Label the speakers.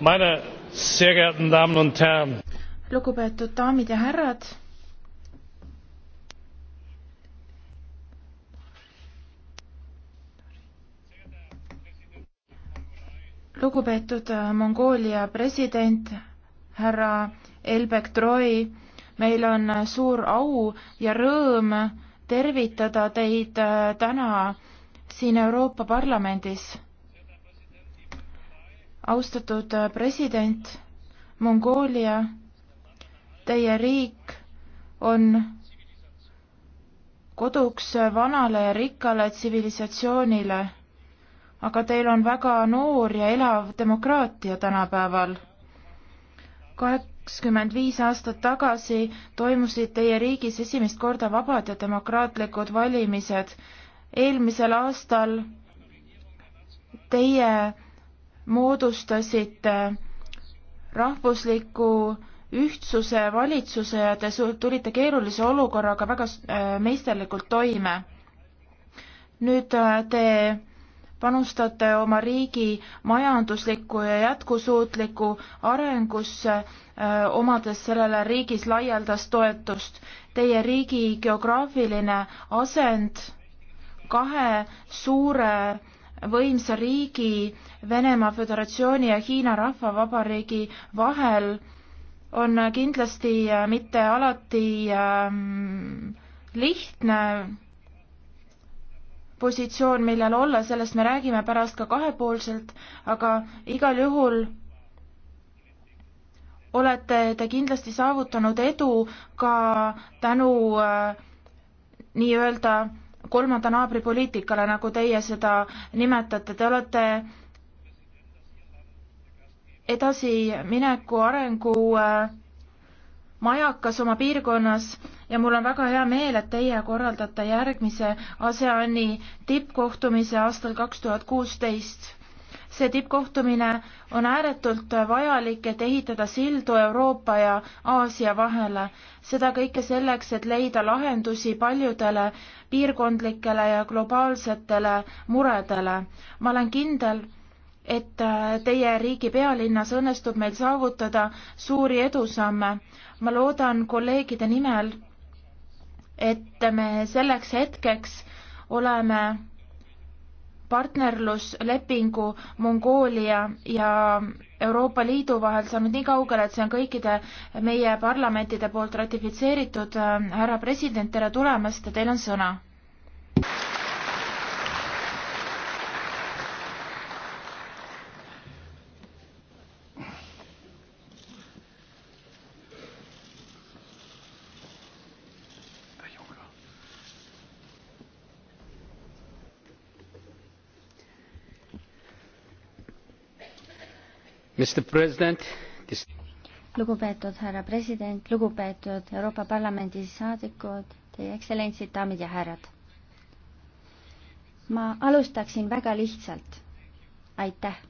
Speaker 1: meine sehr geehrten Damen und Herren! Lugupeetud daamid ja härrad! Lugupeetud äh, Mongoolia president härra Elbek Troi, meil on äh, suur au ja rõõm tervitada teid äh, täna siin Euroopa Parlamendis. austatud äh, president, Mongoolia, teie riik on koduks äh, vanale ja rikkale tsivilisatsioonile, aga teil on väga noor ja elav demokraatia tänapäeval kakskümmend viis aastat tagasi toimusid teie riigis esimest korda vabad ja demokraatlikud valimised. eelmisel aastal teie moodustasite rahvusliku ühtsuse valitsuse ja te tulite keerulise olukorraga väga äh, meisterlikult toime. nüüd äh, te panustate oma riigi majanduslikku ja jätkusuutlikku arengusse, äh, omades sellele riigis laialdast toetust. Teie riigi geograafiline asend kahe suure võimsa riigi, Venemaa Föderatsiooni ja Hiina Rahvavabariigi vahel on kindlasti äh, mitte alati ähm, lihtne positsioon, millel olla, sellest me räägime pärast ka kahepoolselt, aga igal juhul olete te kindlasti saavutanud edu ka tänu äh, nii-öelda kolmanda naabri poliitikale, nagu teie seda nimetate, te olete edasimineku arengu äh, majakas oma piirkonnas ja mul on väga hea meel, et teie korraldate järgmise ASEAN-i tippkohtumise aastal kaks tuhat kuusteist. see tippkohtumine on ääretult vajalik, et ehitada sildu Euroopa ja Aasia vahele. seda kõike selleks, et leida lahendusi paljudele piirkondlikele ja globaalsetele muredele. ma olen kindel, et äh, teie riigi pealinnas õnnestub meil saavutada suuri edusamme. ma loodan kolleegide nimel, et me selleks hetkeks oleme partnerluslepingu Mongoolia ja Euroopa Liidu vahel saanud nii kaugele, et see on kõikide meie parlamentide poolt ratifitseeritud. Äh, härra president, tere tulemast ja teil on sõna. This... lugupeetud härra president, lugupeetud Euroopa Parlamendi saadikud, teie ekstsellentsid, daamid ja härrad. ma alustaksin väga lihtsalt. aitäh